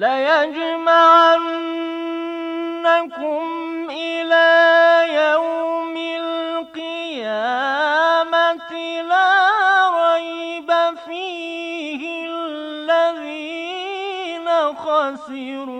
ليجمعنكم إلى يوم القيامة لا ريب فيه الذين خسروا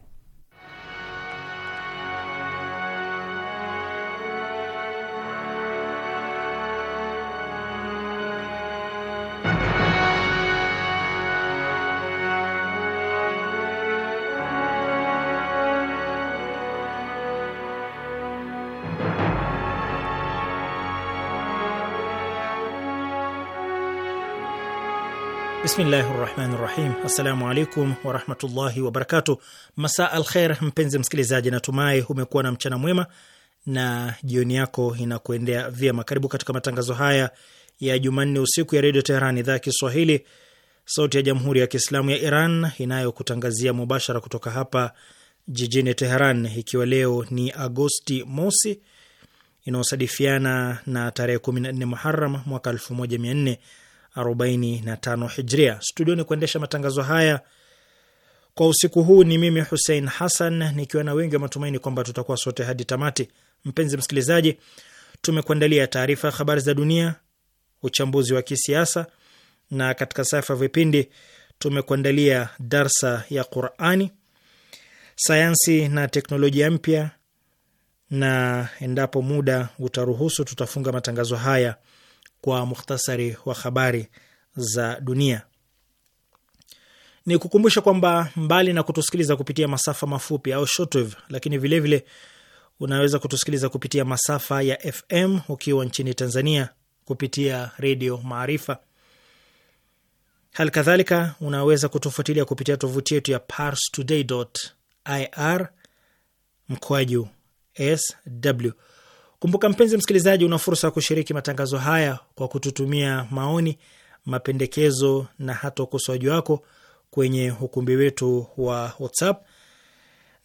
Bismillahi rahmani rahim. Assalamu alaikum warahmatullahi wabarakatu masa al kher, mpenzi msikilizaji, natumai umekuwa na mchana mwema na jioni yako inakuendea vyema. Karibu katika matangazo haya ya Jumanne usiku ya Redio Teheran, idhaa ya Kiswahili, sauti ya Jamhuri ya Kiislamu ya Iran inayokutangazia mubashara kutoka hapa jijini Teheran, ikiwa leo ni Agosti mosi inayosadifiana na tarehe 14 Muharam mwaka 1400 45 Hijria. Studioni kuendesha matangazo haya kwa usiku huu ni mimi Hussein Hassan, nikiwa na wengi wa matumaini kwamba tutakuwa sote hadi tamati. Mpenzi msikilizaji, tumekuandalia taarifa ya habari za dunia, uchambuzi wa kisiasa, na katika safu ya vipindi tumekuandalia darsa ya Qurani, sayansi na teknolojia mpya, na endapo muda utaruhusu tutafunga matangazo haya kwa mukhtasari wa habari za dunia. Ni kukumbusha kwamba mbali na kutusikiliza kupitia masafa mafupi au shortwave, lakini vilevile vile unaweza kutusikiliza kupitia masafa ya FM ukiwa nchini Tanzania kupitia Redio Maarifa. Hali kadhalika unaweza kutufuatilia kupitia tovuti yetu ya parstoday.ir mkoaju sw Kumbuka mpenzi msikilizaji, una fursa ya kushiriki matangazo haya kwa kututumia maoni, mapendekezo na hata ukosoaji wako kwenye ukumbi wetu wa WhatsApp,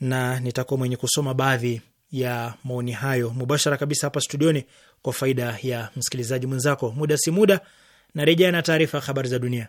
na nitakuwa mwenye kusoma baadhi ya maoni hayo mubashara kabisa hapa studioni kwa faida ya msikilizaji mwenzako. Muda si muda narejea na taarifa ya habari za dunia.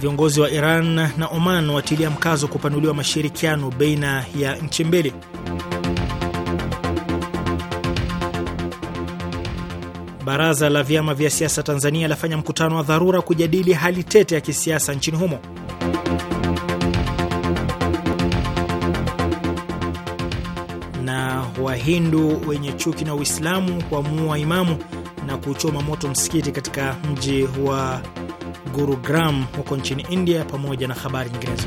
viongozi wa Iran na Oman watilia mkazo kupanuliwa mashirikiano baina ya nchi mbili. Baraza la vyama vya siasa Tanzania lafanya mkutano wa dharura kujadili hali tete ya kisiasa nchini humo. Na Wahindu wenye chuki na Uislamu kuamua imamu na kuchoma moto msikiti katika mji wa Gurugram huko nchini India, pamoja na habari nyinginezo.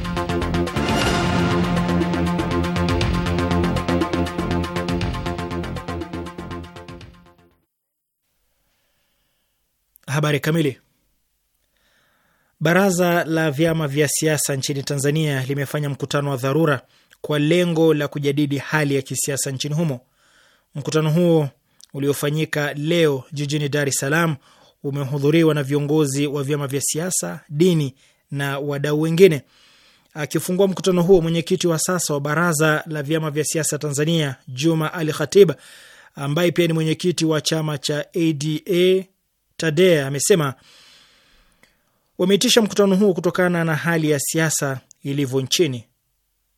Habari kamili. Baraza la vyama vya siasa nchini Tanzania limefanya mkutano wa dharura kwa lengo la kujadili hali ya kisiasa nchini humo. Mkutano huo uliofanyika leo jijini Dar es Salaam umehudhuriwa na viongozi wa vyama vya siasa, dini na wadau wengine. Akifungua mkutano huo, mwenyekiti wa sasa wa baraza la vyama vya siasa Tanzania, Juma Ali Khatiba, ambaye pia ni mwenyekiti wa chama cha ADA Tadea, amesema wameitisha mkutano huo kutokana na hali ya siasa ilivyo nchini.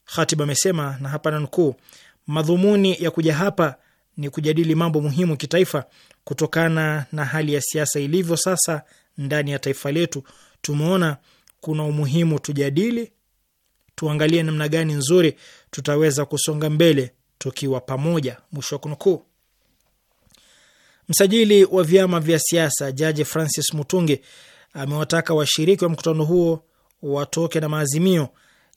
Khatiba amesema, na hapa nanukuu, madhumuni ya kuja hapa ni kujadili mambo muhimu kitaifa. Kutokana na hali ya siasa ilivyo sasa ndani ya taifa letu, tumeona kuna umuhimu tujadili, tuangalie namna gani nzuri tutaweza kusonga mbele tukiwa pamoja. Mwisho wa kunukuu. Msajili wa vyama vya siasa Jaji Francis Mutungi amewataka washiriki wa mkutano huo watoke na maazimio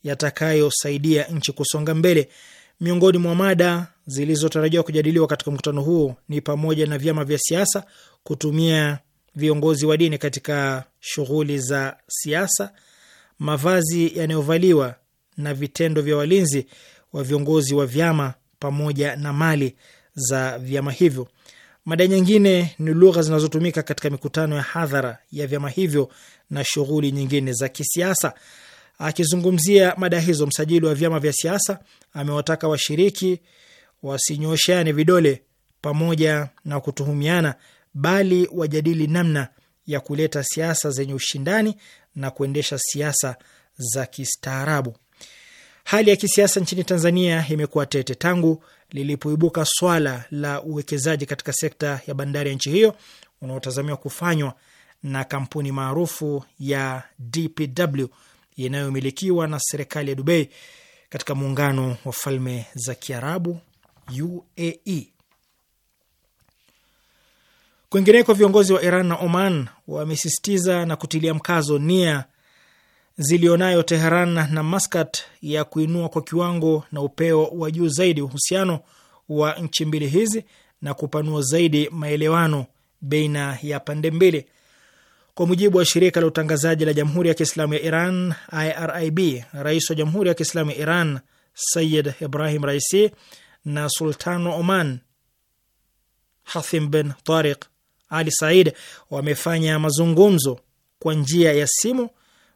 yatakayosaidia nchi kusonga mbele. Miongoni mwa mada zilizotarajiwa kujadiliwa katika mkutano huo ni pamoja na vyama vya siasa kutumia viongozi wa dini katika shughuli za siasa, mavazi yanayovaliwa na vitendo vya walinzi wa viongozi wa vyama pamoja na mali za vyama hivyo. Mada nyingine ni lugha zinazotumika katika mikutano ya hadhara ya vyama hivyo na shughuli nyingine za kisiasa. Akizungumzia mada hizo, msajili wa vyama vya siasa amewataka washiriki wasinyoshane vidole pamoja na kutuhumiana, bali wajadili namna ya kuleta siasa zenye ushindani na kuendesha siasa za kistaarabu. Hali ya kisiasa nchini Tanzania imekuwa tete tangu lilipoibuka swala la uwekezaji katika sekta ya bandari ya nchi hiyo unaotazamiwa kufanywa na kampuni maarufu ya DPW inayomilikiwa na serikali ya Dubai katika muungano wa falme za Kiarabu UAE. Kwingineko, viongozi wa Iran na Oman wamesisitiza na kutilia mkazo nia zilionayo Teheran na Maskat ya kuinua kwa kiwango na upeo wa juu zaidi uhusiano wa nchi mbili hizi na kupanua zaidi maelewano baina ya pande mbili. Kwa mujibu wa shirika la utangazaji la Jamhuri ya Kiislamu ya Iran IRIB, rais wa Jamhuri ya Kiislamu ya Iran Sayid Ibrahim Raisi na Sultan Oman Hathim bin Tariq Ali Said wamefanya mazungumzo kwa njia ya simu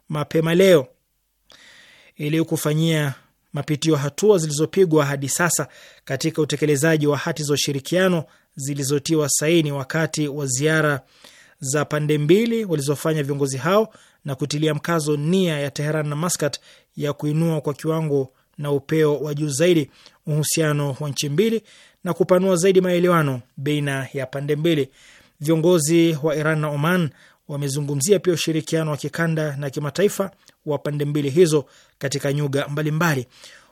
mapema leo ili kufanyia mapitio hatua zilizopigwa hadi sasa katika utekelezaji wa hati za ushirikiano zilizotiwa saini wakati wa ziara za pande mbili walizofanya viongozi hao na kutilia mkazo nia ya Teheran na Maskat ya kuinua kwa kiwango na upeo wa juu zaidi uhusiano wa nchi mbili na kupanua zaidi maelewano baina ya pande mbili. Viongozi wa Iran na Oman wamezungumzia pia ushirikiano wa kikanda na kimataifa wa pande mbili hizo katika nyuga mbalimbali.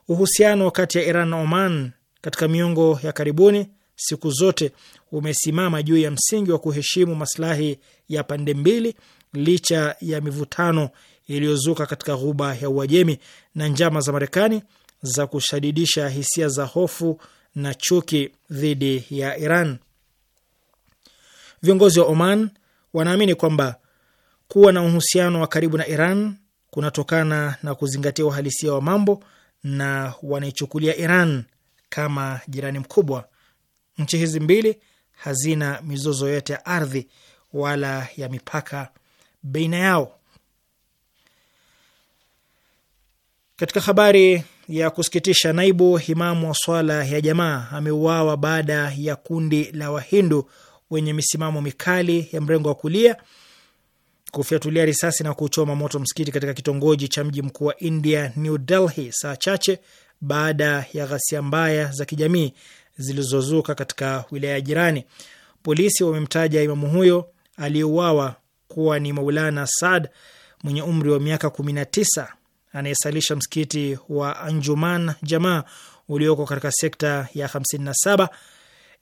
Uhusiano kati ya Iran na Oman katika miongo ya karibuni siku zote umesimama juu ya msingi wa kuheshimu maslahi ya pande mbili licha ya mivutano iliyozuka katika ghuba ya Uajemi na njama za Marekani za kushadidisha hisia za hofu na chuki dhidi ya Iran. Viongozi wa Oman wanaamini kwamba kuwa na uhusiano wa karibu na Iran kunatokana na kuzingatia uhalisia wa mambo na wanaichukulia Iran kama jirani mkubwa. Nchi hizi mbili hazina mizozo yote ya ardhi wala ya mipaka baina yao. Katika habari ya kusikitisha, naibu imamu wa swala ya jamaa ameuawa baada ya kundi la Wahindu wenye misimamo mikali ya mrengo wa kulia kufyatulia risasi na kuchoma moto msikiti katika kitongoji cha mji mkuu wa India, New Delhi, saa chache baada ya ghasia mbaya za kijamii zilizozuka katika wilaya jirani. Polisi wamemtaja imamu huyo aliyeuawa kuwa ni Maulana Saad mwenye umri wa miaka kumi na tisa anayesalisha msikiti wa Anjuman Jamaa ulioko katika sekta ya 57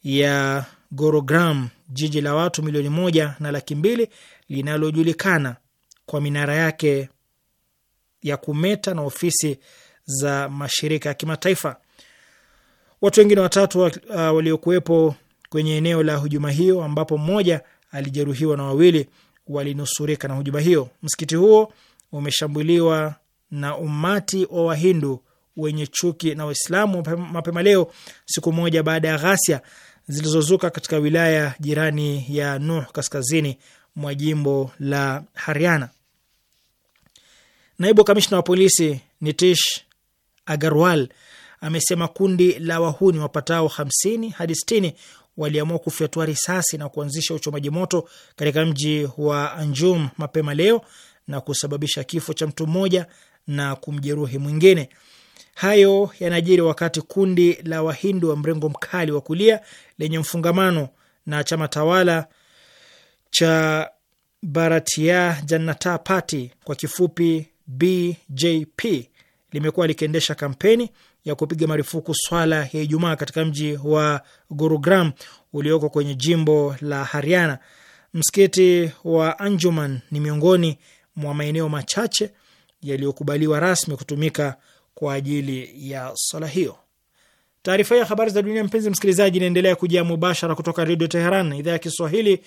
ya Gorogram, jiji la watu milioni moja na laki mbili linalojulikana kwa minara yake ya kumeta na ofisi za mashirika ya kimataifa. Watu wengine watatu uh, waliokuwepo kwenye eneo la hujuma hiyo, ambapo mmoja alijeruhiwa na wawili walinusurika na hujuma hiyo. Msikiti huo umeshambuliwa na umati wa Wahindu wenye chuki na Waislamu mapema leo, siku moja baada ya ghasia zilizozuka katika wilaya jirani ya Nuh kaskazini mwa jimbo la Haryana. Naibu kamishna wa polisi Nitish Agarwal amesema kundi la wahuni wapatao hamsini hadi sitini waliamua kufyatua risasi na kuanzisha uchomaji moto katika mji wa Anjum mapema leo na kusababisha kifo cha mtu mmoja na kumjeruhi mwingine. Hayo yanajiri wakati kundi la wahindu wa mrengo mkali wa kulia lenye mfungamano na chama tawala cha Bharatiya Janata Party kwa kifupi BJP limekuwa likiendesha kampeni ya kupiga marufuku swala ya Ijumaa katika mji wa Gurugram ulioko kwenye jimbo la Haryana. Msikiti wa Anjuman ni miongoni mwa maeneo machache yaliyokubaliwa rasmi kutumika kwa ajili ya swala hiyo. Taarifa hii ya habari za dunia, mpenzi msikilizaji, inaendelea kujia mubashara kutoka Redio Teheran, idhaa ya Kiswahili,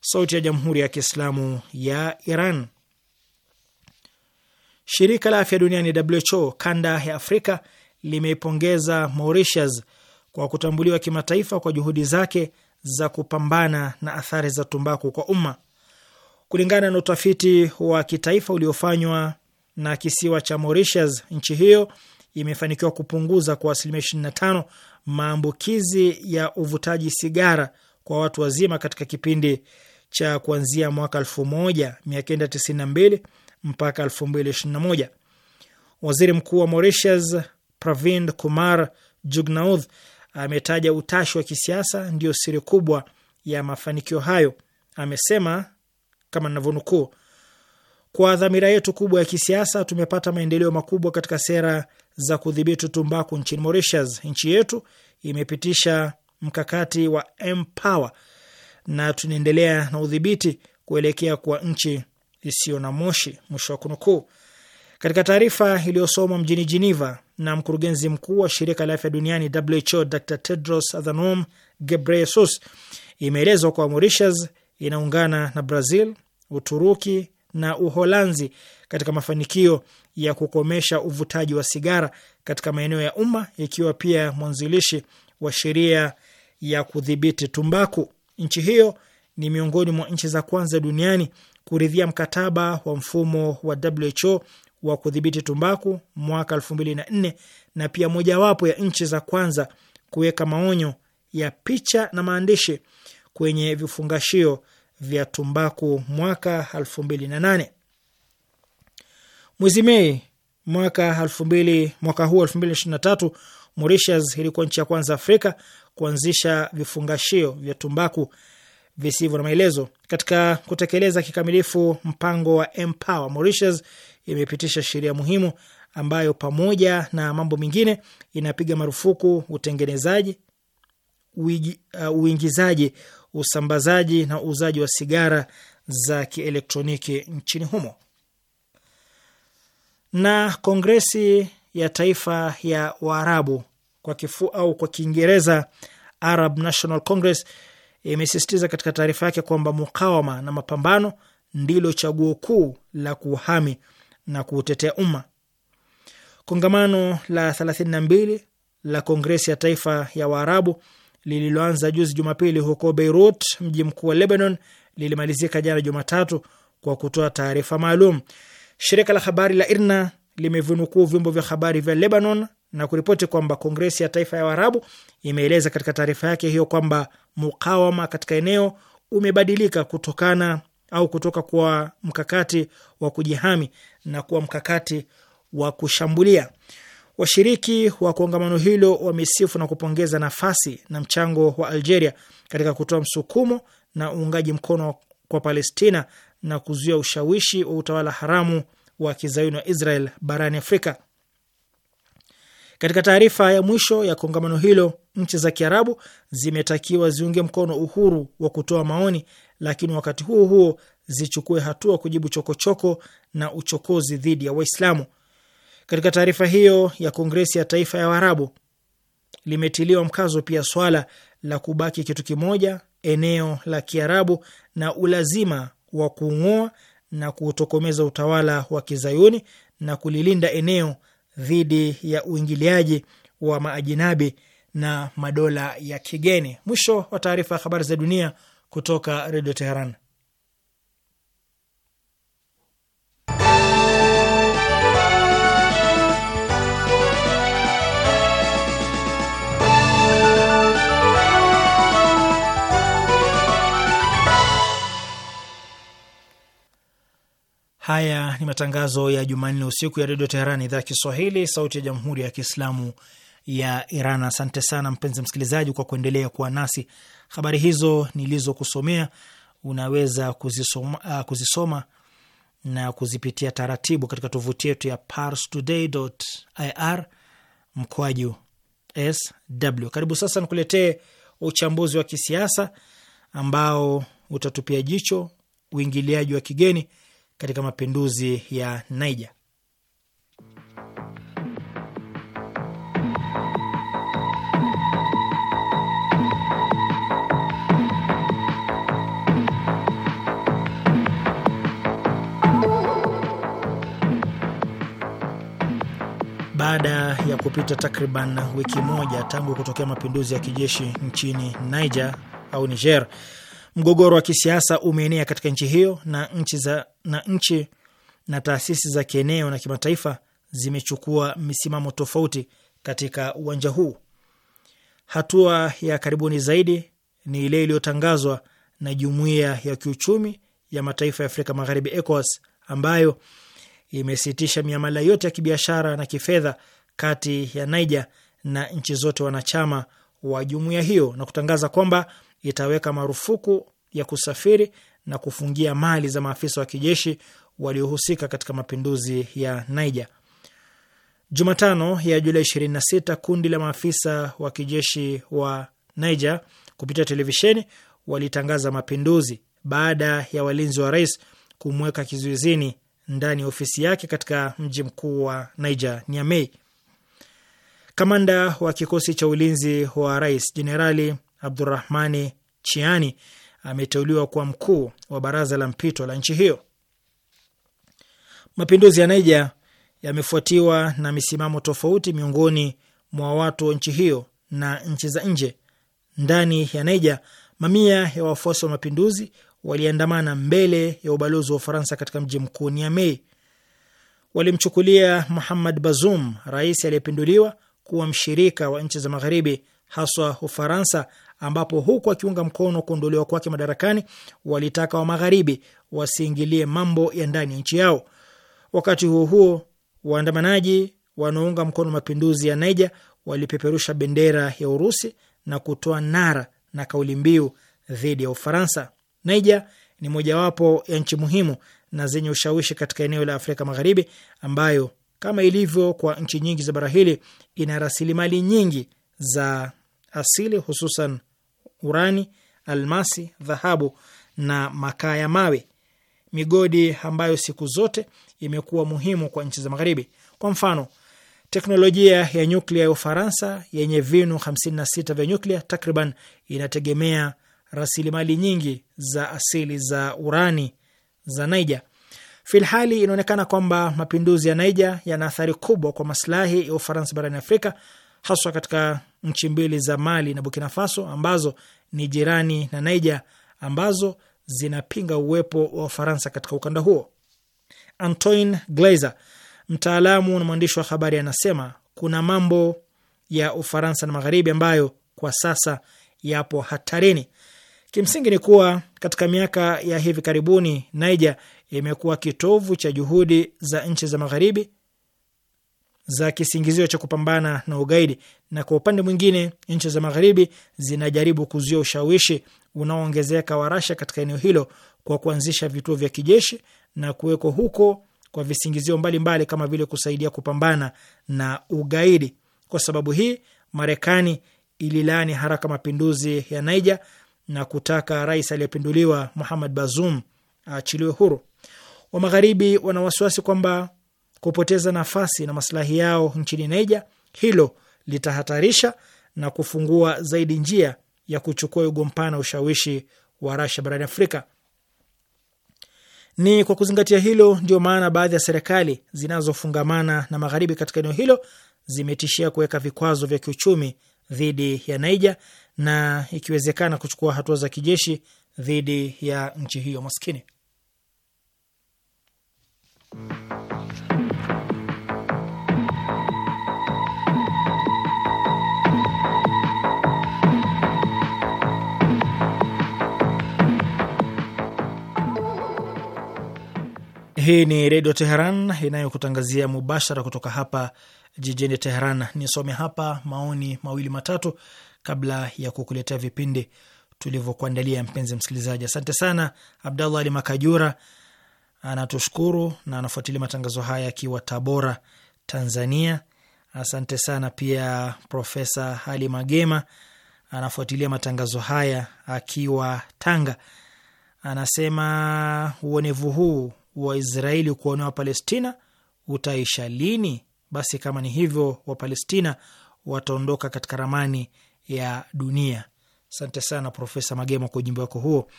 sauti ya jamhuri ya kiislamu ya Iran. Shirika la afya duniani WHO kanda ya Afrika limeipongeza Mauritius kwa kutambuliwa kimataifa kwa juhudi zake za kupambana na athari za tumbaku kwa umma. Kulingana na utafiti wa kitaifa uliofanywa na kisiwa cha Mauritius, nchi hiyo imefanikiwa kupunguza kwa asilimia 25 maambukizi ya uvutaji sigara kwa watu wazima katika kipindi cha kuanzia mwaka 1992 mpaka 2021. Waziri Mkuu wa Mauritius Pravind Kumar Jugnauth ametaja utashi wa kisiasa ndio siri kubwa ya mafanikio hayo. Amesema kama ninavyonukuu kwa dhamira yetu kubwa ya kisiasa, tumepata maendeleo makubwa katika sera za kudhibiti tumbaku nchini Mauritius. Nchi yetu imepitisha mkakati wa Empower na tunaendelea na udhibiti kuelekea kwa nchi isiyo na moshi, mwisho wa kunukuu. Katika taarifa iliyosomwa mjini Geneva na mkurugenzi mkuu wa shirika la afya duniani WHO, Dr Tedros Adhanom Ghebreyesus, imeelezwa kwa Mauritius inaungana na Brazil, Uturuki, na Uholanzi katika mafanikio ya kukomesha uvutaji wa sigara katika maeneo ya umma, ikiwa pia mwanzilishi wa sheria ya kudhibiti tumbaku. Nchi hiyo ni miongoni mwa nchi za kwanza duniani kuridhia mkataba wa mfumo wa WHO wa kudhibiti tumbaku mwaka 2004 na pia mojawapo ya nchi za kwanza kuweka maonyo ya picha na maandishi kwenye vifungashio vya tumbaku mwaka 2008. Mwezi Mei mwaka 2000, mwaka huu 2023, Mauritius ilikuwa nchi ya kwanza Afrika kuanzisha vifungashio vya tumbaku visivyo na maelezo. Katika kutekeleza kikamilifu mpango wa Empower, Mauritius imepitisha sheria muhimu ambayo pamoja na mambo mengine inapiga marufuku utengenezaji, uh, uingizaji usambazaji na uuzaji wa sigara za kielektroniki nchini humo. Na kongresi ya taifa ya Waarabu kwa kifu au kwa Kiingereza Arab National Congress imesisitiza katika taarifa yake kwamba mukawama na mapambano ndilo chaguo kuu la kuhami na kuutetea umma. Kongamano la 32 la kongresi ya taifa ya Waarabu lililoanza juzi Jumapili huko Beirut, mji mkuu wa Lebanon, lilimalizika jana Jumatatu kwa kutoa taarifa maalum. Shirika la habari la IRNA limevinukuu vyombo vya habari vya Lebanon na kuripoti kwamba Kongresi ya Taifa ya Waarabu imeeleza katika taarifa yake hiyo kwamba mukawama katika eneo umebadilika kutokana au kutoka kwa mkakati wa kujihami na kuwa mkakati wa kushambulia. Washiriki wa kongamano hilo wamesifu na kupongeza nafasi na mchango wa Algeria katika kutoa msukumo na uungaji mkono kwa Palestina na kuzuia ushawishi wa utawala haramu wa kizayuni wa Israel barani Afrika. Katika taarifa ya mwisho ya kongamano hilo, nchi za Kiarabu zimetakiwa ziunge mkono uhuru wa kutoa maoni, lakini wakati huo huo zichukue hatua kujibu chokochoko choko na uchokozi dhidi ya Waislamu. Katika taarifa hiyo ya Kongresi ya Taifa ya Waarabu limetiliwa mkazo pia swala la kubaki kitu kimoja eneo la Kiarabu na ulazima wa kuung'oa na kutokomeza utawala wa Kizayuni na kulilinda eneo dhidi ya uingiliaji wa maajinabi na madola ya kigeni. Mwisho wa taarifa ya habari za dunia kutoka Redio Teheran. Haya ni matangazo ya Jumanne usiku ya redio Teheran, idhaa ya Kiswahili, sauti ya jamhuri ya kiislamu ya Iran. Asante sana mpenzi msikilizaji kwa kuendelea kuwa nasi. Habari hizo nilizokusomea unaweza kuzisoma, uh, kuzisoma na kuzipitia taratibu katika tovuti yetu ya parstoday.ir mkwaju sw. Karibu sasa nikuletee uchambuzi wa kisiasa ambao utatupia jicho uingiliaji wa kigeni katika mapinduzi ya Niger. Baada ya kupita takriban wiki moja tangu kutokea mapinduzi ya kijeshi nchini Niger au Niger, mgogoro wa kisiasa umeenea katika nchi hiyo na nchi za na nchi na taasisi za kieneo na kimataifa zimechukua misimamo tofauti katika uwanja huu. Hatua ya karibuni zaidi ni ile iliyotangazwa na Jumuiya ya Kiuchumi ya Mataifa ya Afrika Magharibi, ECOWAS, ambayo imesitisha miamala yote ya kibiashara na kifedha kati ya Niger na nchi zote wanachama wa jumuiya hiyo na kutangaza kwamba itaweka marufuku ya kusafiri na kufungia mali za maafisa wa kijeshi waliohusika katika mapinduzi ya Niger. Jumatano ya Julai 26 kundi la maafisa wa kijeshi wa Niger kupitia televisheni walitangaza mapinduzi baada ya walinzi wa rais kumweka kizuizini ndani ya ofisi yake katika mji mkuu wa Niger, Niamey. Kamanda wa kikosi cha ulinzi wa rais Jenerali Abdurahmani Chiani ameteuliwa kuwa mkuu wa baraza la mpito la nchi hiyo. Mapinduzi ya Naija yamefuatiwa na misimamo tofauti miongoni mwa watu wa nchi hiyo na nchi za nje. Ndani ya Naija, mamia ya wafuasi wa mapinduzi waliandamana mbele ya ubalozi wa Ufaransa katika mji mkuu Niamey. Walimchukulia Muhammad Bazoum, rais aliyepinduliwa, kuwa mshirika wa nchi za Magharibi, haswa Ufaransa, ambapo huku akiunga mkono kuondolewa kwake madarakani walitaka wa magharibi wasiingilie mambo ya ndani ya nchi yao. Wakati huo huo, waandamanaji wanaounga mkono mapinduzi ya Niger walipeperusha bendera ya Urusi na kutoa nara na kauli mbiu dhidi ya Ufaransa. Niger ni mojawapo ya nchi muhimu na zenye ushawishi katika eneo la Afrika Magharibi, ambayo kama ilivyo kwa nchi nyingi za bara hili ina rasilimali nyingi za asili, hususan urani, almasi, dhahabu na makaa ya mawe, migodi ambayo siku zote imekuwa muhimu kwa nchi za Magharibi. Kwa mfano, teknolojia ya nyuklia ya Ufaransa yenye vinu 56 vya nyuklia takriban inategemea rasilimali nyingi za asili za urani za Naija. Filhali inaonekana kwamba mapinduzi ya Naija yana athari kubwa kwa maslahi ya Ufaransa barani Afrika, haswa katika nchi mbili za Mali na Burkina Faso ambazo ni jirani na Niger ambazo zinapinga uwepo wa Ufaransa katika ukanda huo. Antoine Glazer, mtaalamu na mwandishi wa habari, anasema kuna mambo ya Ufaransa na magharibi ambayo kwa sasa yapo hatarini. Kimsingi ni kuwa katika miaka ya hivi karibuni Niger imekuwa kitovu cha juhudi za nchi za magharibi za kisingizio cha kupambana na ugaidi, na kwa upande mwingine nchi za magharibi zinajaribu kuzuia ushawishi unaoongezeka wa Rasha katika eneo hilo kwa kuanzisha vituo vya kijeshi na kuwekwa huko kwa visingizio mbalimbali mbali kama vile kusaidia kupambana na ugaidi. Kwa sababu hii, Marekani ililaani haraka mapinduzi ya Niger na kutaka rais aliyepinduliwa Muhammad Bazoum aachiliwe huru. Wa magharibi wana wasiwasi kwamba kupoteza nafasi na maslahi yao nchini Niger, hilo litahatarisha na kufungua zaidi njia ya kuchukua ugompana ushawishi wa Rasha barani Afrika. Ni kwa kuzingatia hilo ndio maana baadhi ya serikali zinazofungamana na magharibi katika eneo hilo zimetishia kuweka vikwazo vya kiuchumi dhidi ya Niger na ikiwezekana kuchukua hatua za kijeshi dhidi ya nchi hiyo maskini. Hii ni Redio Teheran inayokutangazia mubashara kutoka hapa jijini Teheran. Nisome hapa maoni mawili matatu kabla ya kukuletea vipindi tulivyokuandalia, mpenzi msikilizaji. Asante sana. Abdallah Ali Makajura anatushukuru na anafuatilia matangazo haya akiwa Tabora, Tanzania. Asante sana pia. Profesa Hali Magema anafuatilia matangazo haya akiwa Tanga, anasema uonevu huu Waisraeli kuwaonewa wapalestina utaisha lini? Basi kama ni hivyo, Wapalestina wataondoka katika ramani ya dunia. Asante sana Profesa Magema kwa ujumbe wako huo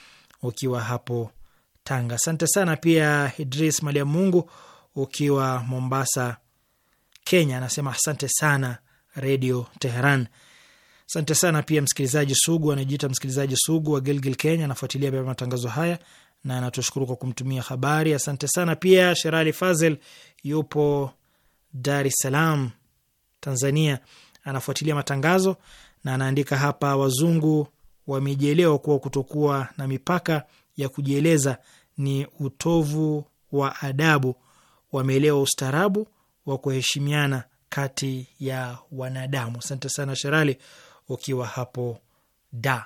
ukiwa hapo Tanga. Asante sana pia Idris Malia Mungu ukiwa Mombasa, Kenya, anasema asante sana Redio Teheran. Asante sana pia msikilizaji sugu, anajiita msikilizaji sugu wa Gilgil, Kenya, anafuatilia pia matangazo haya na anatushukuru kwa kumtumia habari. Asante sana. Pia Sherali Fazel yupo Dar es Salaam, Tanzania, anafuatilia matangazo na anaandika hapa, wazungu wamejielewa kuwa kutokuwa na mipaka ya kujieleza ni utovu wa adabu, wameelewa ustaarabu wa kuheshimiana kati ya wanadamu. Asante sana Sherali, ukiwa hapo da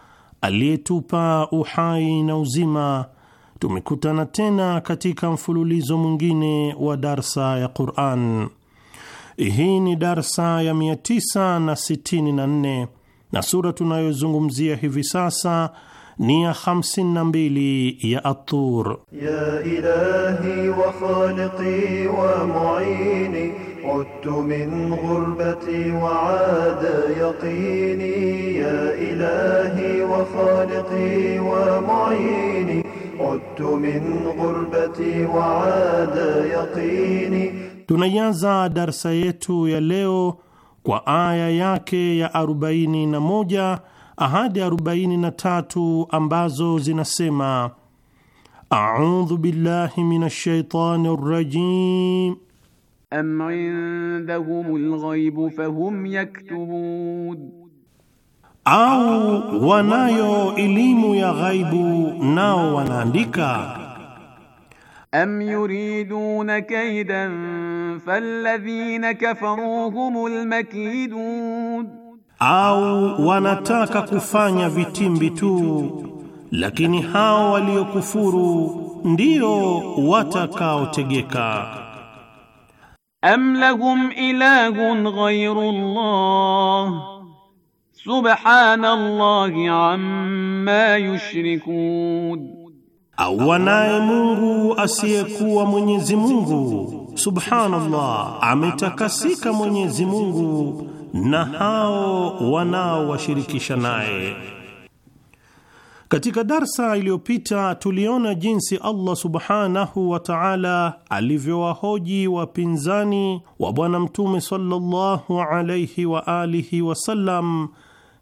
aliyetupa uhai na uzima, tumekutana tena katika mfululizo mwingine wa darsa ya Quran. Hii ni darsa ya 964 na, na sura tunayozungumzia hivi sasa nia hamsini na mbili ya Atur. ya ilahi wa khaliqi wa muini udtu min ghurbati wa ada yaqini ya ilahi wa khaliqi wa muini udtu min ghurbati wa ada yaqini. Tunaianza darsa yetu ya leo kwa aya yake ya 41 ahadi 43 ambazo zinasema: audhu billahi minash shaitani rajim am indahumul ghaibu fahum yaktubun, au wanayo elimu ya ghaibu nao wanaandika. am yuriduna kaidan falladhina kafaru humul makidun au wanataka kufanya vitimbi tu, lakini hao waliokufuru ndio watakaotegeka. Am lahum ilahun ghayru Allah subhanallahi amma yushrikun, au wanaye Mungu asiyekuwa Mwenyezi Mungu. Subhanallah, ametakasika Mwenyezi Mungu na hao wanaowashirikisha naye. Katika darsa iliyopita tuliona jinsi Allah subhanahu wa ta'ala alivyowahoji wapinzani wa Bwana Mtume sallallahu alayhi wa alihi wasallam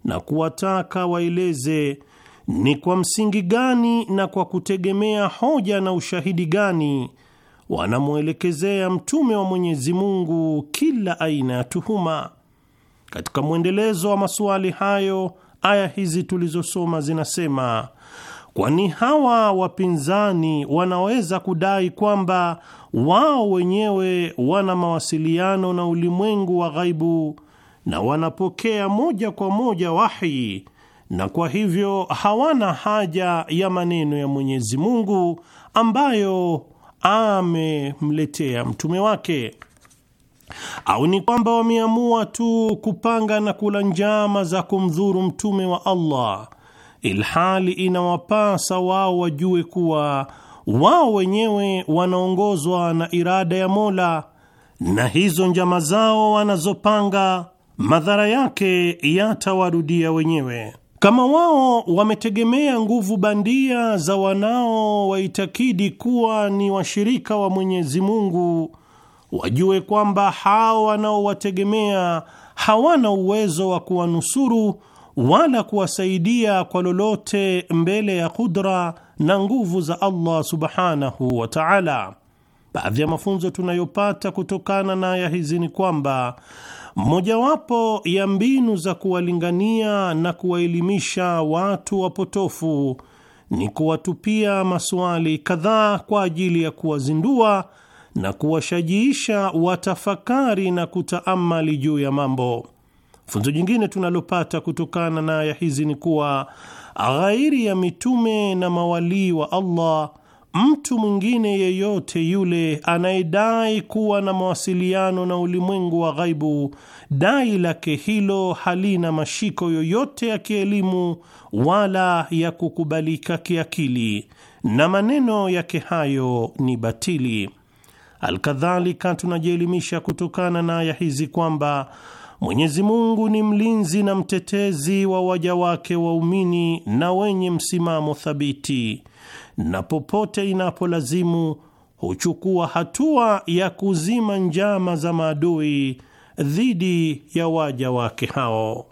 na kuwataka waeleze ni kwa msingi gani na kwa kutegemea hoja na ushahidi gani wanamwelekezea mtume wa Mwenyezi Mungu kila aina ya tuhuma. Katika mwendelezo wa masuali hayo, aya hizi tulizosoma zinasema, kwani hawa wapinzani wanaweza kudai kwamba wao wenyewe wana mawasiliano na ulimwengu wa ghaibu na wanapokea moja kwa moja wahi na kwa hivyo hawana haja ya maneno ya Mwenyezi Mungu ambayo amemletea mtume wake au ni kwamba wameamua tu kupanga na kula njama za kumdhuru mtume wa Allah, ilhali inawapasa wao wajue kuwa wao wenyewe wanaongozwa na irada ya Mola, na hizo njama zao wanazopanga madhara yake yatawarudia wenyewe. Kama wao wametegemea nguvu bandia za wanao waitakidi kuwa ni washirika wa Mwenyezi Mungu wajue kwamba hao wanaowategemea hawana uwezo wa kuwanusuru wala kuwasaidia kwa lolote mbele ya kudra na nguvu za Allah subhanahu wa ta'ala. Baadhi ya mafunzo tunayopata kutokana na aya hizi ni kwamba mojawapo ya mbinu za kuwalingania na kuwaelimisha watu wapotofu ni kuwatupia maswali kadhaa kwa ajili ya kuwazindua na kuwashajiisha watafakari na kutaamali juu ya mambo. Funzo jingine tunalopata kutokana na aya hizi ni kuwa ghairi ya mitume na mawalii wa Allah, mtu mwingine yeyote yule anayedai kuwa na mawasiliano na ulimwengu wa ghaibu, dai lake hilo halina mashiko yoyote ya kielimu wala ya kukubalika kiakili, na maneno yake hayo ni batili. Alkadhalika, tunajielimisha kutokana na aya hizi kwamba Mwenyezi Mungu ni mlinzi na mtetezi wa waja wake waumini na wenye msimamo thabiti, na popote inapolazimu huchukua hatua ya kuzima njama za maadui dhidi ya waja wake hao.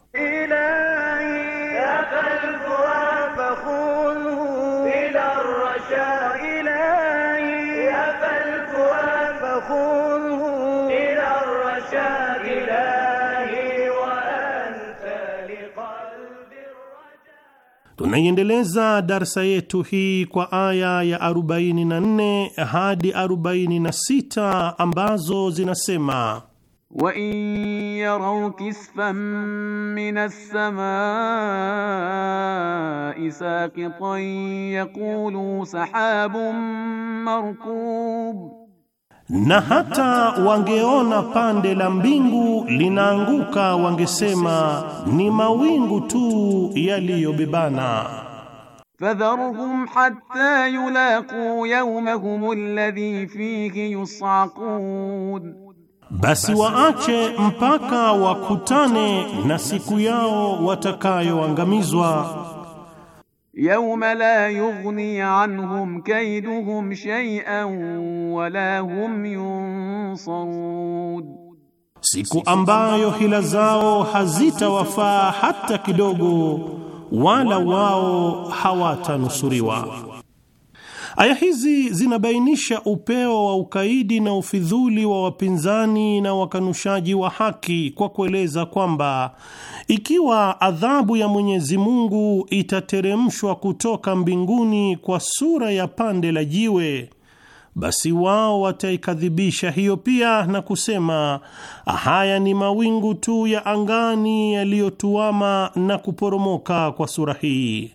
Tunaiendeleza darsa yetu hii kwa aya ya 44 hadi 46 ambazo zinasema: wa yarau kisfan min as-samai saqitan sahabun markub na hata wangeona pande la mbingu linaanguka, wangesema ni mawingu tu yaliyobebana. Fadharhum hatta yulaqu yawmahum alladhi fihi yusaqun, basi waache mpaka wakutane na siku yao watakayoangamizwa yauma la yughni anhum kaiduhum shay'an wala hum yunsarun siku ambayo hila zao hazitawafaa hata kidogo, wala wao hawatanusuriwa. Aya hizi zinabainisha upeo wa ukaidi na ufidhuli wa wapinzani na wakanushaji wa haki kwa kueleza kwamba ikiwa adhabu ya Mwenyezi Mungu itateremshwa kutoka mbinguni kwa sura ya pande la jiwe, basi wao wataikadhibisha hiyo pia na kusema haya ni mawingu tu ya angani yaliyotuama na kuporomoka kwa sura hii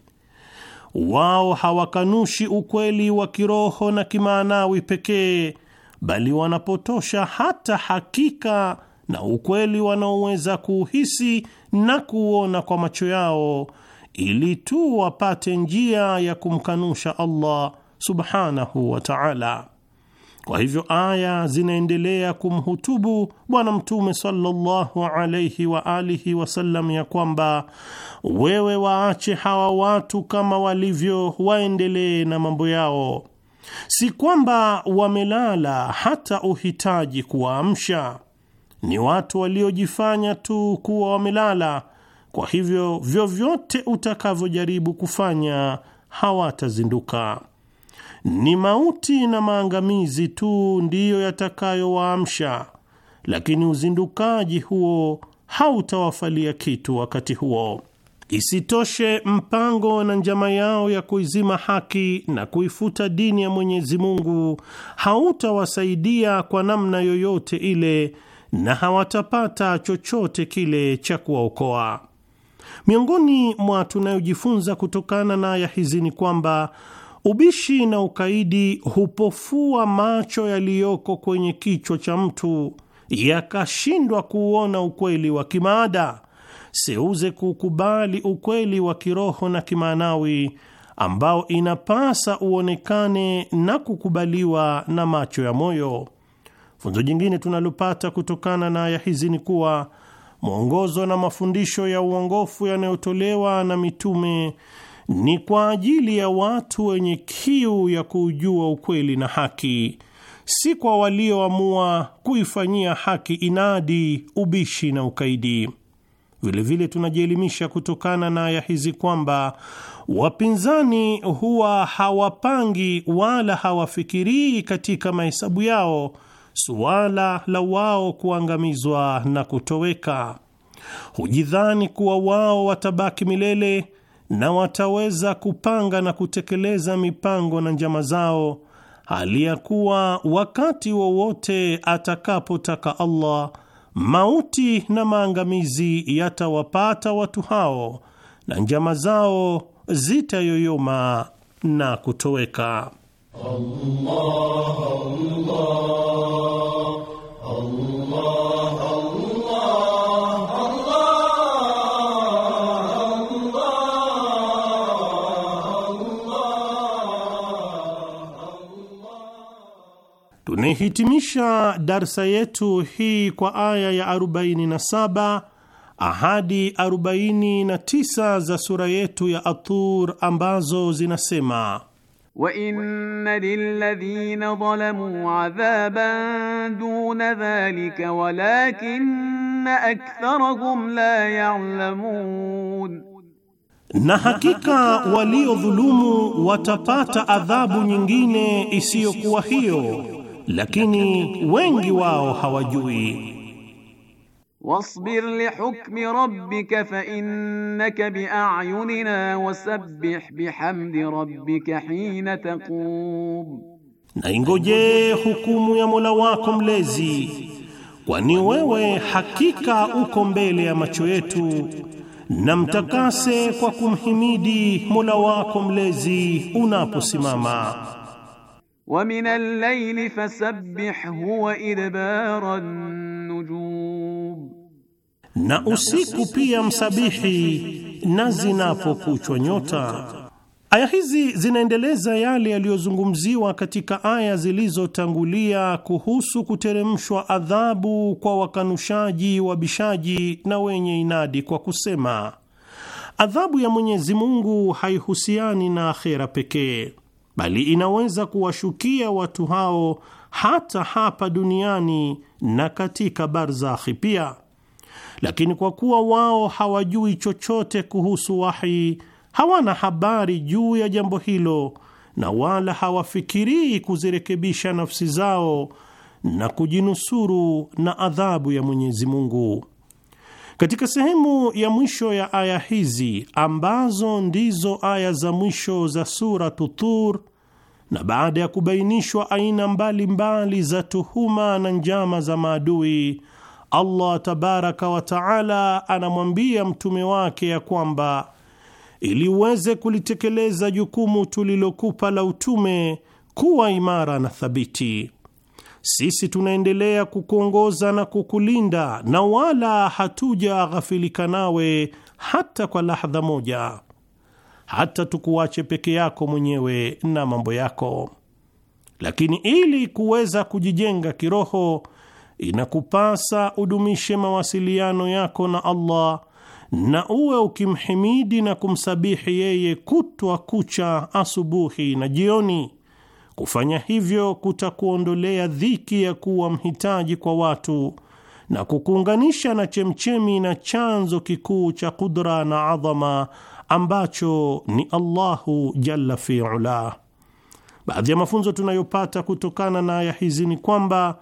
wao hawakanushi ukweli wa kiroho na kimaanawi pekee, bali wanapotosha hata hakika na ukweli wanaoweza kuuhisi na kuuona kwa macho yao, ili tu wapate njia ya kumkanusha Allah subhanahu wa ta'ala. Kwa hivyo aya zinaendelea kumhutubu Bwana Mtume sallallahu alaihi wa alihi wasallam ya kwamba wewe waache hawa watu kama walivyo, waendelee na mambo yao, si kwamba wamelala hata uhitaji kuwaamsha. Ni watu waliojifanya tu kuwa wamelala. Kwa hivyo vyovyote utakavyojaribu kufanya hawatazinduka ni mauti na maangamizi tu ndiyo yatakayowaamsha, lakini uzindukaji huo hautawafalia kitu wakati huo. Isitoshe, mpango na njama yao ya kuizima haki na kuifuta dini ya Mwenyezi Mungu hautawasaidia kwa namna yoyote ile, na hawatapata chochote kile cha kuwaokoa. Miongoni mwa tunayojifunza kutokana na aya hizi ni kwamba Ubishi na ukaidi hupofua macho yaliyoko kwenye kichwa cha mtu yakashindwa kuuona ukweli wa kimaada, seuze kukubali ukweli wa kiroho na kimaanawi ambao inapasa uonekane na kukubaliwa na macho ya moyo. Funzo jingine tunalopata kutokana na aya hizi ni kuwa mwongozo na mafundisho ya uongofu yanayotolewa na mitume ni kwa ajili ya watu wenye kiu ya kuujua ukweli na haki, si kwa walioamua kuifanyia haki inadi, ubishi na ukaidi. Vilevile tunajielimisha kutokana na aya hizi kwamba wapinzani huwa hawapangi wala hawafikirii katika mahesabu yao suala la wao kuangamizwa na kutoweka. Hujidhani kuwa wao watabaki milele na wataweza kupanga na kutekeleza mipango na njama zao, hali ya kuwa wakati wowote atakapotaka Allah, mauti na maangamizi yatawapata watu hao na njama zao zitayoyoma na kutoweka. Allah, Allah. Tunaihitimisha darsa yetu hii kwa aya ya 47 ahadi 49 za sura yetu ya athur ambazo zinasema wa inna lilladhina zalamu adhaban duna dhalika walakinna aktharahum la ya'lamun, na hakika waliodhulumu watapata adhabu nyingine isiyokuwa hiyo lakini wengi wao hawajui. Wasbir hukmi rabbika fa innaka biayunina wasabbih bihamdi rabbika hina taqum, na ingoje hukumu ya Mola wako mlezi, kwani wewe hakika uko mbele ya macho yetu, na mtakase kwa kumhimidi Mola wako mlezi unaposimama wa min al-layli fasabbihu wa idbara an-nujum, na usiku pia msabihi na zinapokuchwa nyota. Aya hizi zinaendeleza yale yaliyozungumziwa katika aya zilizotangulia kuhusu kuteremshwa adhabu kwa wakanushaji, wabishaji na wenye inadi kwa kusema adhabu ya Mwenyezi Mungu haihusiani na akhera pekee bali inaweza kuwashukia watu hao hata hapa duniani na katika barzakhi pia. Lakini kwa kuwa wao hawajui chochote kuhusu wahi, hawana habari juu ya jambo hilo na wala hawafikirii kuzirekebisha nafsi zao na kujinusuru na adhabu ya Mwenyezi Mungu. Katika sehemu ya mwisho ya aya hizi ambazo ndizo aya za mwisho za Suratu Tur, na baada ya kubainishwa aina mbalimbali mbali za tuhuma na njama za maadui, Allah tabaraka wa taala anamwambia mtume wake ya kwamba ili uweze kulitekeleza jukumu tulilokupa la utume, kuwa imara na thabiti sisi tunaendelea kukuongoza na kukulinda na wala hatujaghafilika nawe hata kwa lahdha moja, hata tukuache peke yako mwenyewe na mambo yako. Lakini ili kuweza kujijenga kiroho, inakupasa udumishe mawasiliano yako na Allah na uwe ukimhimidi na kumsabihi yeye kutwa kucha, asubuhi na jioni Kufanya hivyo kutakuondolea dhiki ya kuwa mhitaji kwa watu na kukuunganisha na chemchemi na chanzo kikuu cha kudra na adhama ambacho ni Allahu jalla fiula. Baadhi ya mafunzo tunayopata kutokana na aya hizi ni kwamba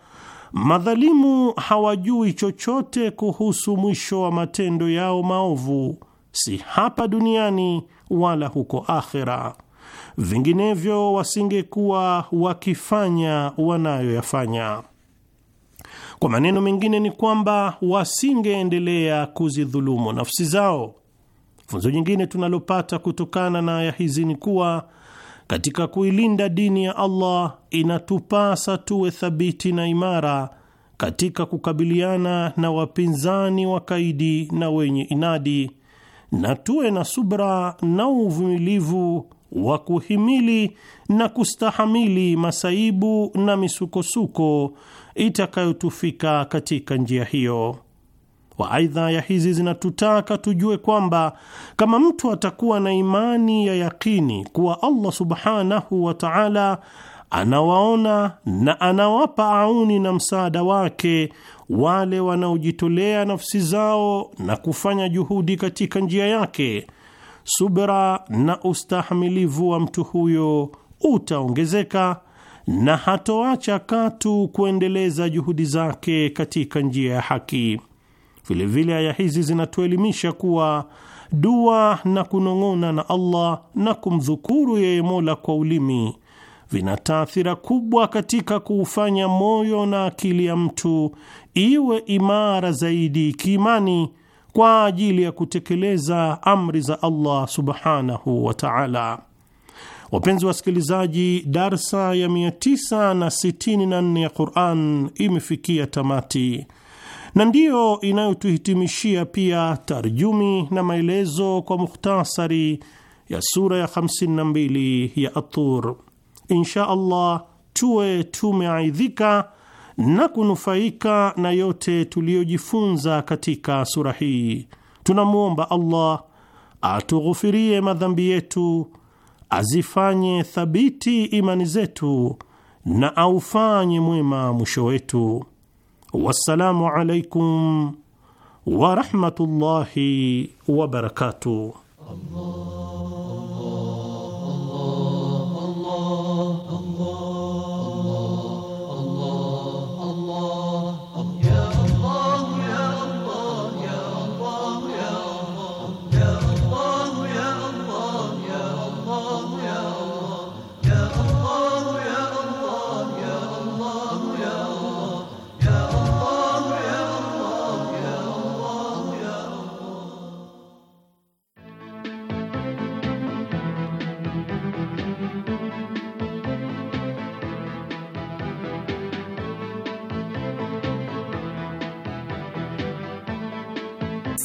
madhalimu hawajui chochote kuhusu mwisho wa matendo yao maovu, si hapa duniani wala huko akhera vinginevyo wasingekuwa wakifanya wanayoyafanya. Kwa maneno mengine, ni kwamba wasingeendelea kuzidhulumu nafsi zao. Funzo jingine tunalopata kutokana na aya hizi ni kuwa katika kuilinda dini ya Allah inatupasa tuwe thabiti na imara katika kukabiliana na wapinzani wakaidi na wenye inadi, na tuwe na subra na uvumilivu wa kuhimili na kustahamili masaibu na misukosuko itakayotufika katika njia hiyo. Wa aidha ya hizi zinatutaka tujue kwamba kama mtu atakuwa na imani ya yakini kuwa Allah subhanahu wa ta'ala anawaona na anawapa auni na msaada wake wale wanaojitolea nafsi zao na kufanya juhudi katika njia yake subra na ustahamilivu wa mtu huyo utaongezeka na hatoacha katu kuendeleza juhudi zake katika njia ya haki. Vilevile aya hizi zinatuelimisha kuwa dua na kunong'ona na Allah na kumdhukuru yeye Mola kwa ulimi vina taathira kubwa katika kuufanya moyo na akili ya mtu iwe imara zaidi kiimani kwa ajili ya kutekeleza amri za Allah subhanahu wa ta'ala. Wapenzi wasikilizaji, darsa ya 964 ya Quran imefikia tamati na ndiyo inayotuhitimishia pia tarjumi na maelezo kwa mukhtasari ya sura ya 52 ya athur Insha Allah tuwe tumeaidhika na kunufaika na yote tuliyojifunza katika sura hii. Tunamwomba Allah atughufirie madhambi yetu, azifanye thabiti imani zetu na aufanye mwema mwisho wetu. Wassalamu alaikum warahmatullahi wabarakatuh.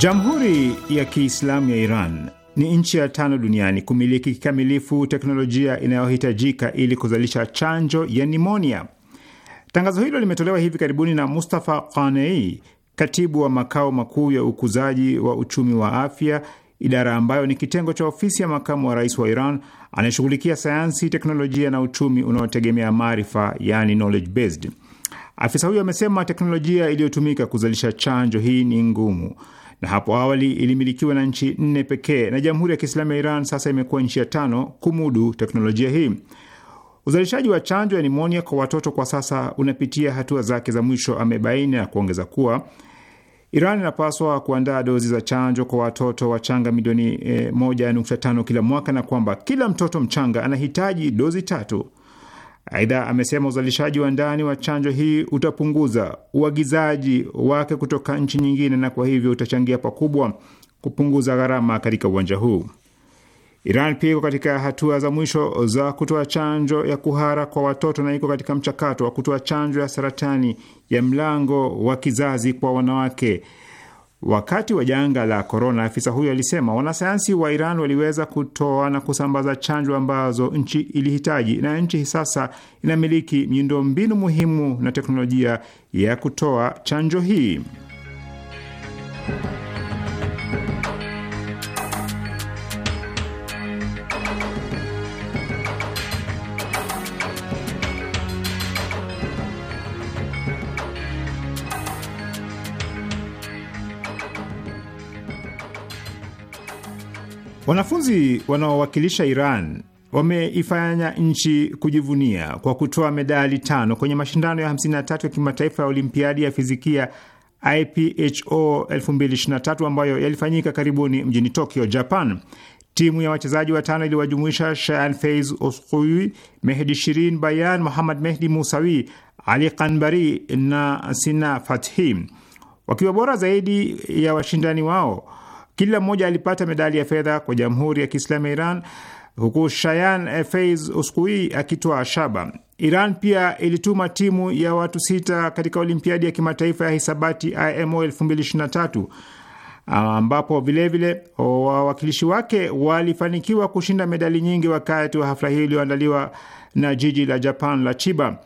Jamhuri ya Kiislamu ya Iran ni nchi ya tano duniani kumiliki kikamilifu teknolojia inayohitajika ili kuzalisha chanjo ya nimonia. Tangazo hilo limetolewa hivi karibuni na Mustafa Qanei, katibu wa makao makuu ya ukuzaji wa uchumi wa afya, idara ambayo ni kitengo cha ofisi ya makamu wa rais wa Iran anayeshughulikia sayansi, teknolojia na uchumi unaotegemea maarifa, yani knowledge based. Afisa huyo amesema teknolojia iliyotumika kuzalisha chanjo hii ni ngumu na hapo awali ilimilikiwa na nchi nne pekee, na Jamhuri ya Kiislamu ya Iran sasa imekuwa nchi ya tano kumudu teknolojia hii. Uzalishaji wa chanjo ya nimonia kwa watoto kwa sasa unapitia hatua zake za mwisho, amebaini na kuongeza kuwa Iran inapaswa kuandaa dozi za chanjo kwa watoto wachanga milioni 1.5 eh, kila mwaka na kwamba kila mtoto mchanga anahitaji dozi tatu. Aidha, amesema uzalishaji wa ndani wa chanjo hii utapunguza uagizaji wake kutoka nchi nyingine na kwa hivyo utachangia pakubwa kupunguza gharama katika uwanja huu. Iran pia iko katika hatua za mwisho za kutoa chanjo ya kuhara kwa watoto na iko katika mchakato wa kutoa chanjo ya saratani ya mlango wa kizazi kwa wanawake Wakati wa janga la korona, afisa huyo alisema wanasayansi wa Iran waliweza kutoa na kusambaza chanjo ambazo nchi ilihitaji, na nchi sasa inamiliki miundombinu muhimu na teknolojia ya kutoa chanjo hii. Wanafunzi wanaowakilisha Iran wameifanya nchi kujivunia kwa kutoa medali tano kwenye mashindano ya 53 ya kimataifa ya olimpiadi ya fizikia IPHO 2023 ambayo yalifanyika karibuni mjini Tokyo, Japan. Timu ya wachezaji watano iliwajumuisha Shaan Faiz Oskui, Mehdi Shirin Bayan, Muhammad Mehdi Musawi, Ali Kanbari na Sina Fathi. Wakiwa bora zaidi ya washindani wao, kila mmoja alipata medali ya fedha kwa Jamhuri ya Kiislamu ya Iran, huku Shayan Feiz Uskui akitoa shaba. Iran pia ilituma timu ya watu sita katika Olimpiadi ya kimataifa ya hisabati IMO 2023 ambapo vilevile wawakilishi wake walifanikiwa kushinda medali nyingi wakati wa hafla hii iliyoandaliwa na jiji la Japan la Chiba.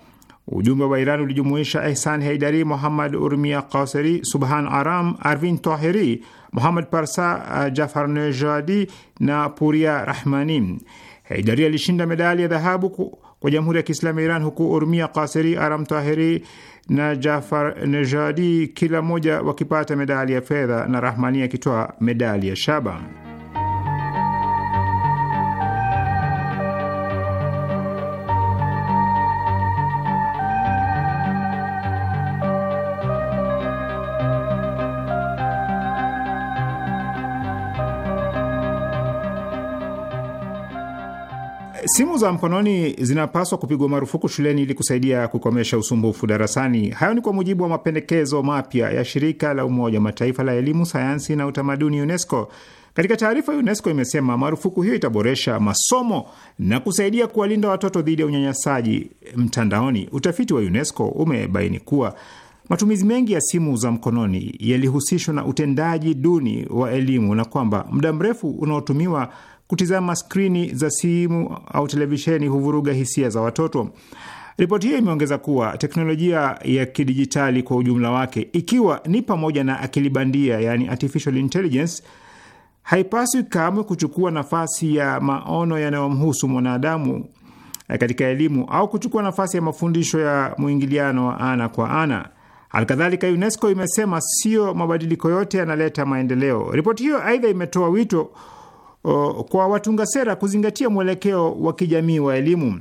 Ujumbe wa Iran ulijumuisha Ehsan Heidari, Muhammad Urmia Qaseri, Subhan Aram, Arvin Tahiri, Muhammad Parsa uh, Jafar Nejadi na Puria Rahmani. Heidari alishinda medali ya dhahabu kwa Jamhuri ya Kiislamu ya Iran, huku Urmia Kasiri, Aram Tahiri na Jafar Nejadi kila mmoja wakipata medali ya fedha na Rahmani akitoa medali ya shaba. Simu za mkononi zinapaswa kupigwa marufuku shuleni ili kusaidia kukomesha usumbufu darasani. Hayo ni kwa mujibu wa mapendekezo mapya ya shirika la Umoja Mataifa la elimu, sayansi na utamaduni, UNESCO. Katika taarifa, UNESCO imesema marufuku hiyo itaboresha masomo na kusaidia kuwalinda watoto dhidi ya unyanyasaji mtandaoni. Utafiti wa UNESCO umebaini kuwa matumizi mengi ya simu za mkononi yalihusishwa na utendaji duni wa elimu na kwamba muda mrefu unaotumiwa kutizama skrini za simu au televisheni huvuruga hisia za watoto. Ripoti hiyo imeongeza kuwa teknolojia ya kidijitali kwa ujumla wake, ikiwa ni pamoja na akili bandia, yani artificial intelligence, haipaswi kamwe kuchukua nafasi ya maono yanayomhusu mwanadamu eh, katika elimu au kuchukua nafasi ya mafundisho ya mwingiliano wa ana kwa ana. alkadhalika UNESCO imesema sio mabadiliko yote yanaleta maendeleo. Ripoti hiyo aidha imetoa wito kwa watunga sera kuzingatia mwelekeo wa kijamii wa elimu.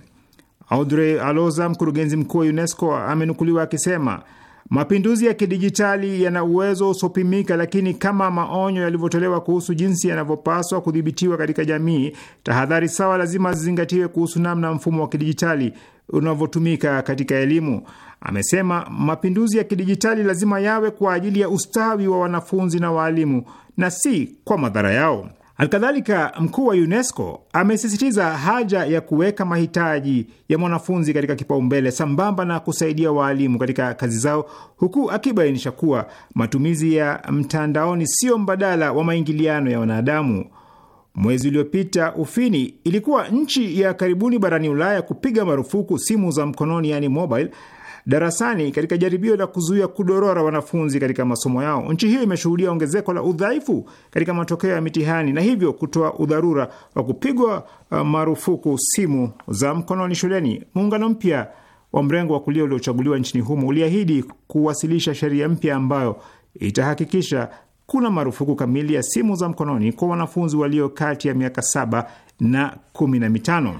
Audrey Aloza, mkurugenzi mkuu wa UNESCO, amenukuliwa akisema mapinduzi ya kidijitali yana uwezo usiopimika, lakini kama maonyo yalivyotolewa kuhusu jinsi yanavyopaswa kudhibitiwa katika jamii, tahadhari sawa lazima zizingatiwe kuhusu namna mfumo wa kidijitali unavyotumika katika elimu. Amesema mapinduzi ya kidijitali lazima yawe kwa ajili ya ustawi wa wanafunzi na waalimu na si kwa madhara yao. Alkadhalika, mkuu wa UNESCO amesisitiza haja ya kuweka mahitaji ya mwanafunzi katika kipaumbele sambamba na kusaidia waalimu katika kazi zao, huku akibainisha kuwa matumizi ya mtandaoni sio mbadala wa maingiliano ya wanadamu. Mwezi uliopita Ufini ilikuwa nchi ya karibuni barani Ulaya kupiga marufuku simu za mkononi, yani mobile, darasani katika jaribio la kuzuia kudorora wanafunzi katika masomo yao. Nchi hiyo imeshuhudia ongezeko la udhaifu katika matokeo ya mitihani na hivyo kutoa udharura wa kupigwa uh, marufuku simu za mkononi shuleni. Muungano mpya wa mrengo wa kulia uliochaguliwa nchini humo uliahidi kuwasilisha sheria mpya ambayo itahakikisha kuna marufuku kamili ya simu za mkononi kwa wanafunzi walio kati ya miaka saba na kumi na mitano.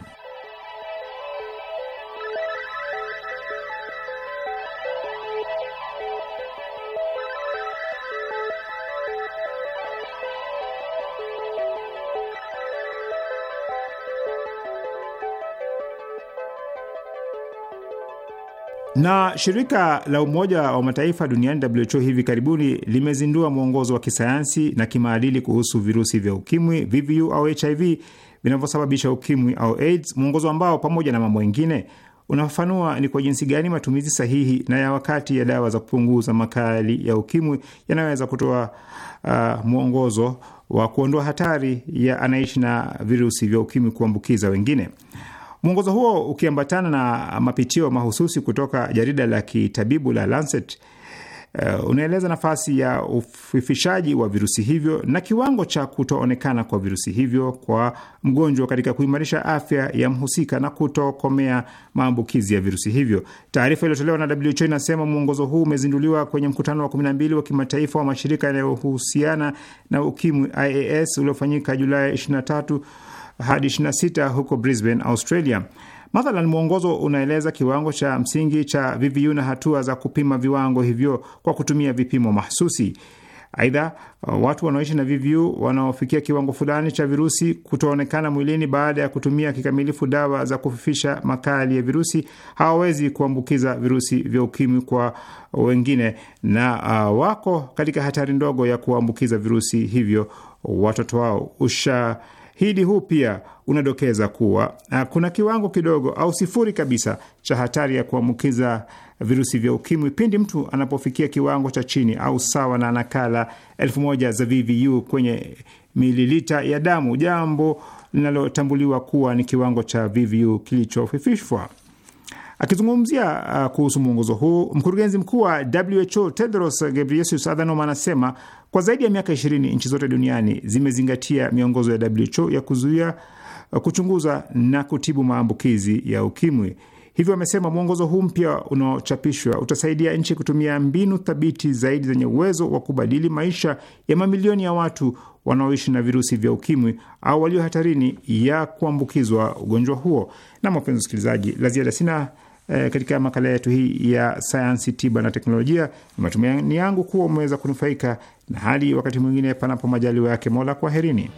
Na shirika la Umoja wa Mataifa duniani WHO hivi karibuni limezindua mwongozo wa kisayansi na kimaadili kuhusu virusi vya ukimwi, VVU au HIV vinavyosababisha ukimwi au AIDS, mwongozo ambao pamoja na mambo mengine unafafanua ni kwa jinsi gani matumizi sahihi na ya wakati ya dawa za kupunguza makali ya ukimwi yanaweza kutoa uh, mwongozo wa kuondoa hatari ya anaishi na virusi vya ukimwi kuambukiza wengine. Mwongozo huo ukiambatana na mapitio mahususi kutoka jarida la kitabibu la Lancet uh, unaeleza nafasi ya ufifishaji wa virusi hivyo na kiwango cha kutoonekana kwa virusi hivyo kwa mgonjwa katika kuimarisha afya ya mhusika na kutokomea maambukizi ya virusi hivyo. Taarifa iliyotolewa na WHO inasema mwongozo huu umezinduliwa kwenye mkutano wa 12 wa kimataifa wa mashirika yanayohusiana na ukimwi IAS uliofanyika Julai 23 hadi 26 huko Brisbane, Australia. Mathalan, mwongozo unaeleza kiwango cha msingi cha VVU na hatua za kupima viwango hivyo kwa kutumia vipimo mahsusi. Aidha, watu wanaoishi na VVU wanaofikia kiwango fulani cha virusi kutoonekana mwilini baada ya kutumia kikamilifu dawa za kufifisha makali ya virusi hawawezi kuambukiza virusi vya ukimwi kwa wengine na uh, wako katika hatari ndogo ya kuambukiza virusi hivyo watoto wao usha hidi huu pia unadokeza kuwa ah, kuna kiwango kidogo au sifuri kabisa cha hatari ya kuambukiza virusi vya ukimwi pindi mtu anapofikia kiwango cha chini au sawa na nakala elfu moja za VVU kwenye mililita ya damu, jambo linalotambuliwa kuwa ni kiwango cha VVU kilichofifishwa. Akizungumzia uh, kuhusu mwongozo huu, mkurugenzi mkuu wa WHO Tedros Ghebreyesus Adhanom anasema kwa zaidi ya miaka ishirini nchi zote duniani zimezingatia miongozo ya WHO ya kuzuia, uh, kuchunguza na kutibu maambukizi ya ukimwi. Hivyo amesema mwongozo huu mpya unaochapishwa utasaidia nchi kutumia mbinu thabiti zaidi zenye uwezo wa kubadili maisha ya mamilioni ya watu wanaoishi na virusi vya ukimwi au walio hatarini ya kuambukizwa ugonjwa huo. Na wapenzi wasikilizaji, la ziada sina eh, katika makala yetu hii ya sayansi, tiba na teknolojia. Ni matumaini yangu kuwa umeweza kunufaika na hadi wakati mwingine, panapo majaliwa yake Mola, kwaherini.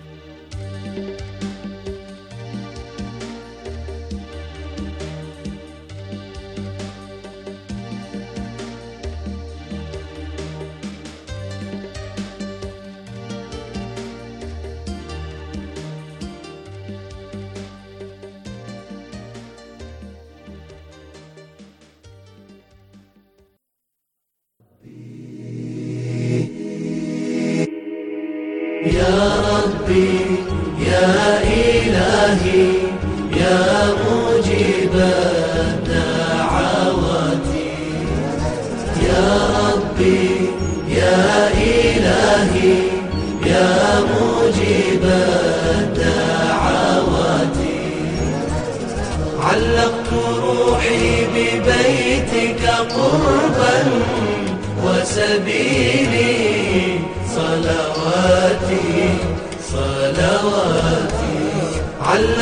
يا ربي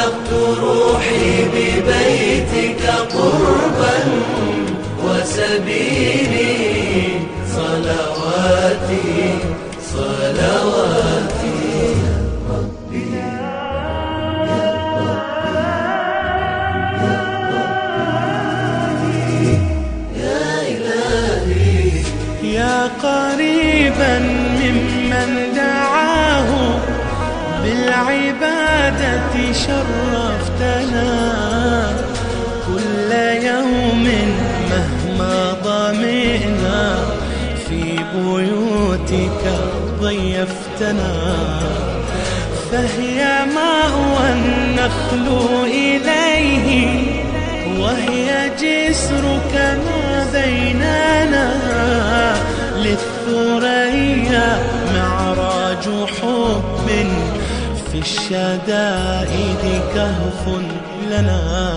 خلقت روحي ببيتك قربا وسبيلي صلواتي صلواتي صيفتنا فهي ماء النخل إليه وهي جسرك ما بيننا للثريا معراج حب في الشدائد كهف لنا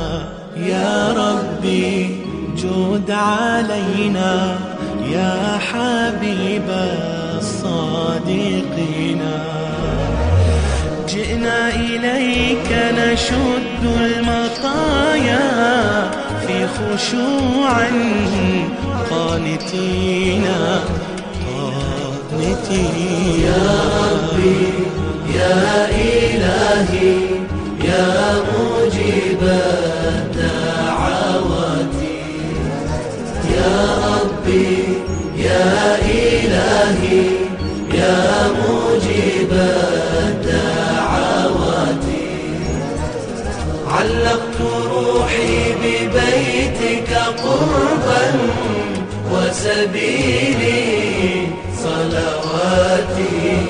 يا ربي جود علينا يا حبيبي الصادقين جئنا إليك نشد المطايا في خشوع قانتينا يا ربي يا إلهي يا مجيب الدعوات يا ربي يا إلهي يا مجيب الدعوات علقت روحي ببيتك قربا وسبيلي صلواتي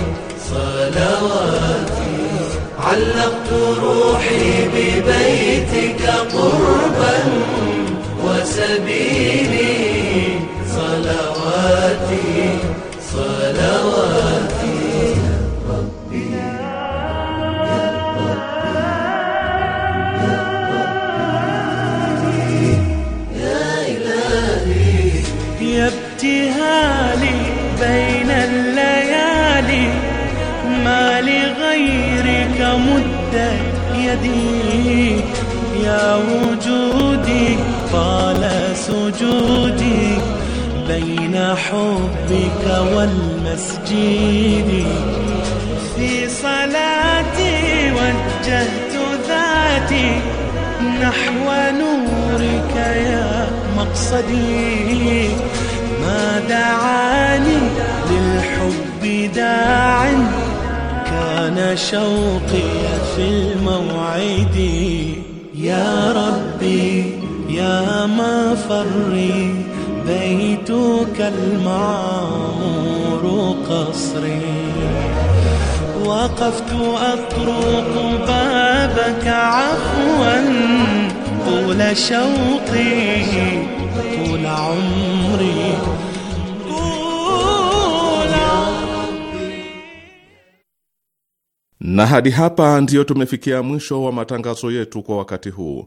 صلواتي علقت روحي ببيتك قربا وسبيلي صلواتي صلواتي ربي يا يا إلهي يا ابتهالي بين الليالي ما لغيرك مدت يدي يا وجودي طال سجودي حبك والمسجد في صلاتي وجهت ذاتي نحو نورك يا مقصدي ما دعاني للحب داع كان شوقي في الموعد يا ربي يا مفري بيتك المعمور قصري وقفت أطرق بابك عفوا طول شوقي طول عمري na hadi hapa ndiyo tumefikia mwisho wa matangazo yetu kwa wakati huu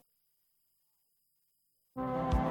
Thank you.